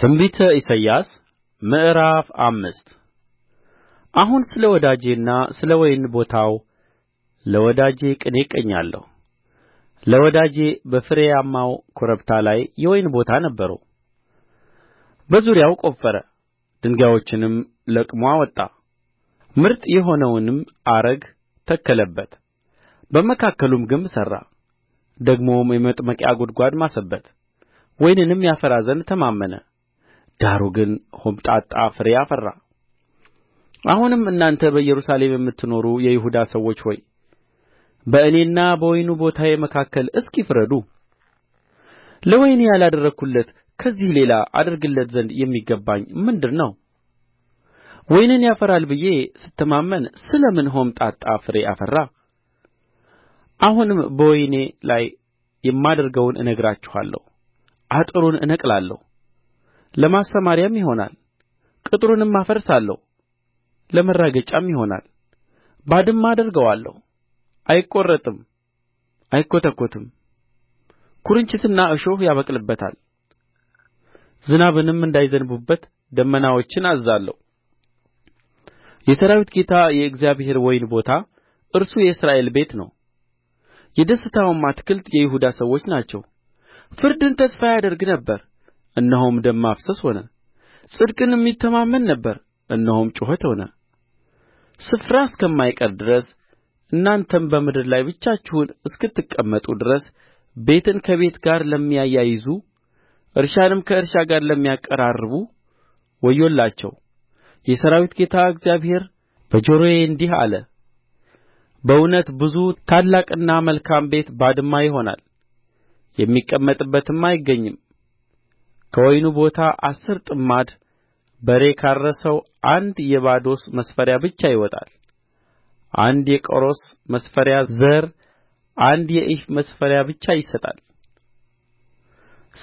ትንቢተ ኢሳይያስ ምዕራፍ አምስት አሁን ስለ ወዳጄና ስለ ወይን ቦታው ለወዳጄ ቅኔ እቀኛለሁ። ለወዳጄ በፍሬያማው ኮረብታ ላይ የወይን ቦታ ነበረው። በዙሪያው ቈፈረ፣ ድንጋዮችንም ለቅሞ አወጣ፣ ምርጥ የሆነውንም አረግ ተከለበት፣ በመካከሉም ግንብ ሠራ። ደግሞም የመጥመቂያ ጕድጓድ ማሰበት፣ ወይንንም ያፈራ ዘንድ ተማመነ። ዳሩ ግን ሆምጣጣ ፍሬ አፈራ አሁንም እናንተ በኢየሩሳሌም የምትኖሩ የይሁዳ ሰዎች ሆይ በእኔና በወይኑ ቦታዬ መካከል እስኪ ፍረዱ ለወይኔ ያላደረግሁለት ከዚህ ሌላ አደርግለት ዘንድ የሚገባኝ ምንድር ነው ወይንን ያፈራል ብዬ ስተማመን ስለ ምን ሆምጣጣ ፍሬ አፈራ አሁንም በወይኔ ላይ የማደርገውን እነግራችኋለሁ አጥሩን እነቅላለሁ ለማሰማርያም ይሆናል ቅጥሩንም አፈርሳለሁ ለመራገጫም ይሆናል ባድማ አደርገዋለሁ አይቈረጥም አይኰተኰትም ኵርንችትና እሾህ ያበቅልበታል ዝናብንም እንዳይዘንቡበት ደመናዎችን አዝዛለሁ የሠራዊት ጌታ የእግዚአብሔር ወይን ቦታ እርሱ የእስራኤል ቤት ነው የደስታውም አትክልት የይሁዳ ሰዎች ናቸው ፍርድን ተስፋ ያደርግ ነበር እነሆም ደም ማፍሰስ ሆነ ጽድቅንም ይተማመን ነበር እነሆም ጩኸት ሆነ ስፍራ እስከማይቀር ድረስ እናንተም በምድር ላይ ብቻችሁን እስክትቀመጡ ድረስ ቤትን ከቤት ጋር ለሚያያይዙ እርሻንም ከእርሻ ጋር ለሚያቀራርቡ ወዮላቸው የሠራዊት ጌታ እግዚአብሔር በጆሮዬ እንዲህ አለ በእውነት ብዙ ታላቅና መልካም ቤት ባድማ ይሆናል የሚቀመጥበትም አይገኝም ከወይኑ ቦታ አሥር ጥማድ በሬ ካረሰው አንድ የባዶስ መስፈሪያ ብቻ ይወጣል አንድ የቆሮስ መስፈሪያ ዘር አንድ የኢፍ መስፈሪያ ብቻ ይሰጣል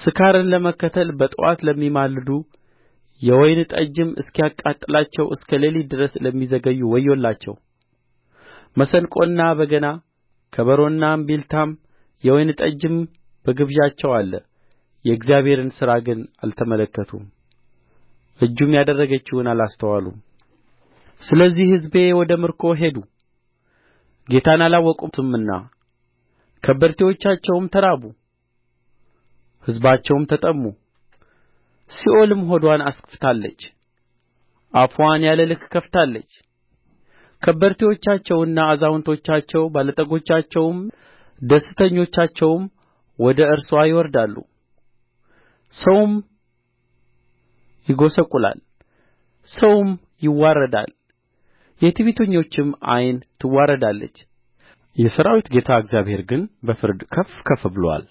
ስካርን ለመከተል በጥዋት ለሚማልዱ የወይን ጠጅም እስኪያቃጥላቸው እስከ ሌሊት ድረስ ለሚዘገዩ ወዮላቸው መሰንቆና በገና ከበሮና እምቢልታም የወይን ጠጅም በግብዣቸው አለ የእግዚአብሔርን ሥራ ግን አልተመለከቱም እጁም ያደረገችውን አላስተዋሉም ስለዚህ ሕዝቤ ወደ ምርኮ ሄዱ ጌታን አላወቁትምና ከበርቴዎቻቸውም ተራቡ ሕዝባቸውም ተጠሙ ሲኦልም ሆድዋን አስፍታለች አፍዋን ያለ ልክ ከፍታለች ከበርቴዎቻቸውና አዛውንቶቻቸው ባለጠጎቻቸውም ደስተኞቻቸውም ወደ እርስዋ ይወርዳሉ ሰውም ይጐሰቍላል ሰውም ይዋረዳል የትዕቢተኞችም ዓይን ትዋረዳለች የሠራዊት ጌታ እግዚአብሔር ግን በፍርድ ከፍ ከፍ ብሎአል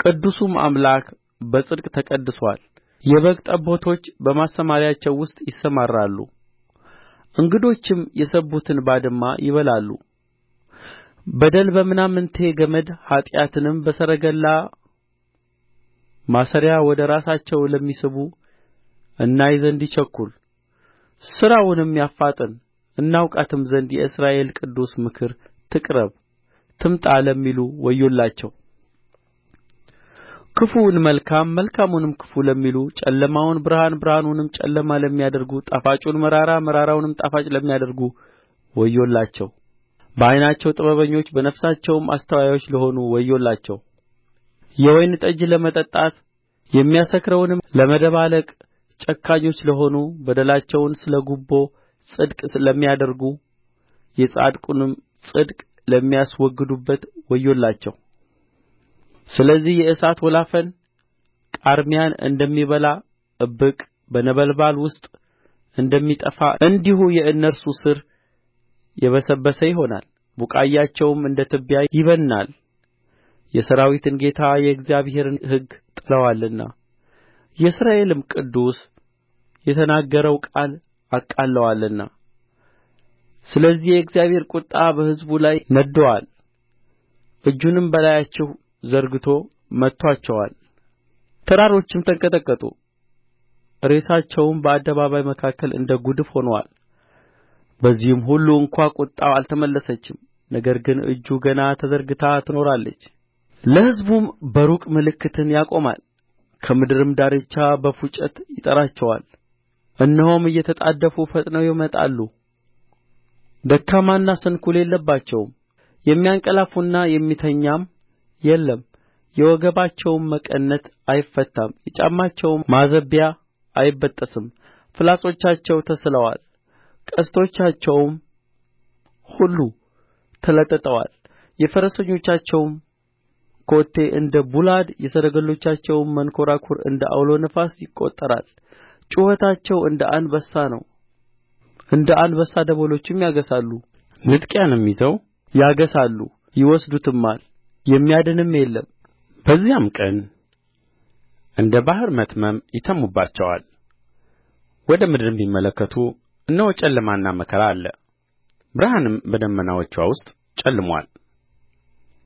ቅዱሱም አምላክ በጽድቅ ተቀድሶአል የበግ ጠቦቶች በማሰማርያቸው ውስጥ ይሰማራሉ እንግዶችም የሰቡትን ባድማ ይበላሉ በደል በምናምንቴ ገመድ ኃጢአትንም በሰረገላ ማሰሪያ ወደ ራሳቸው ለሚስቡ እናይ ዘንድ ይቸኵል ሥራውንም ያፋጥን እናውቃትም ዘንድ የእስራኤል ቅዱስ ምክር ትቅረብ ትምጣ ለሚሉ ወዮላቸው ክፉውን መልካም መልካሙንም ክፉ ለሚሉ ጨለማውን ብርሃን ብርሃኑንም ጨለማ ለሚያደርጉ ጣፋጩን መራራ መራራውንም ጣፋጭ ለሚያደርጉ ወዮላቸው በዓይናቸው ጥበበኞች በነፍሳቸውም አስተዋዮች ለሆኑ ወዮላቸው የወይን ጠጅ ለመጠጣት የሚያሰክረውንም ለመደባለቅ ጨካኞች ለሆኑ በደላቸውን ስለ ጉቦ ጽድቅ ለሚያደርጉ የጻድቁንም ጽድቅ ለሚያስወግዱበት ወዮላቸው ስለዚህ የእሳት ወላፈን ቃርሚያን እንደሚበላ እብቅ በነበልባል ውስጥ እንደሚጠፋ እንዲሁ የእነርሱ ሥር የበሰበሰ ይሆናል ቡቃያቸውም እንደ ትቢያ ይበንናል የሠራዊትን ጌታ የእግዚአብሔርን ሕግ ጥለዋልና የእስራኤልም ቅዱስ የተናገረው ቃል አቃልለዋልና ስለዚህ የእግዚአብሔር ቍጣ በሕዝቡ ላይ ነድዶአል እጁንም በላያቸው ዘርግቶ መትቶአቸዋል ተራሮችም ተንቀጠቀጡ ሬሳቸውም በአደባባይ መካከል እንደ ጕድፍ ሆኖአል በዚህም ሁሉ እንኳ ቍጣው አልተመለሰችም ነገር ግን እጁ ገና ተዘርግታ ትኖራለች ለሕዝቡም በሩቅ ምልክትን ያቆማል ከምድርም ዳርቻ በፉጨት ይጠራቸዋል እነሆም እየተጣደፉ ፈጥነው ይመጣሉ ደካማና ስንኵል የለባቸውም የሚያንቀላፋና የሚተኛም የለም የወገባቸውም መቀነት አይፈታም የጫማቸውም ማዘቢያ አይበጠስም ፍላጾቻቸው ተስለዋል ቀስቶቻቸውም ሁሉ ተለጥጠዋል የፈረሰኞቻቸውም ኮቴ እንደ ቡላድ የሰረገሎቻቸውም መንኰራኵር እንደ ዐውሎ ነፋስ ይቈጠራል ጩኸታቸው እንደ አንበሳ ነው እንደ አንበሳ ደቦሎችም ያገሣሉ ንጥቂያንም ይዘው ያገሣሉ ይወስዱትማል የሚያድንም የለም በዚያም ቀን እንደ ባሕር መትመም ይተምሙባቸዋል ወደ ምድርም ቢመለከቱ እነሆ ጨለማና መከራ አለ ብርሃንም በደመናዎችዋ ውስጥ ጨልሞአል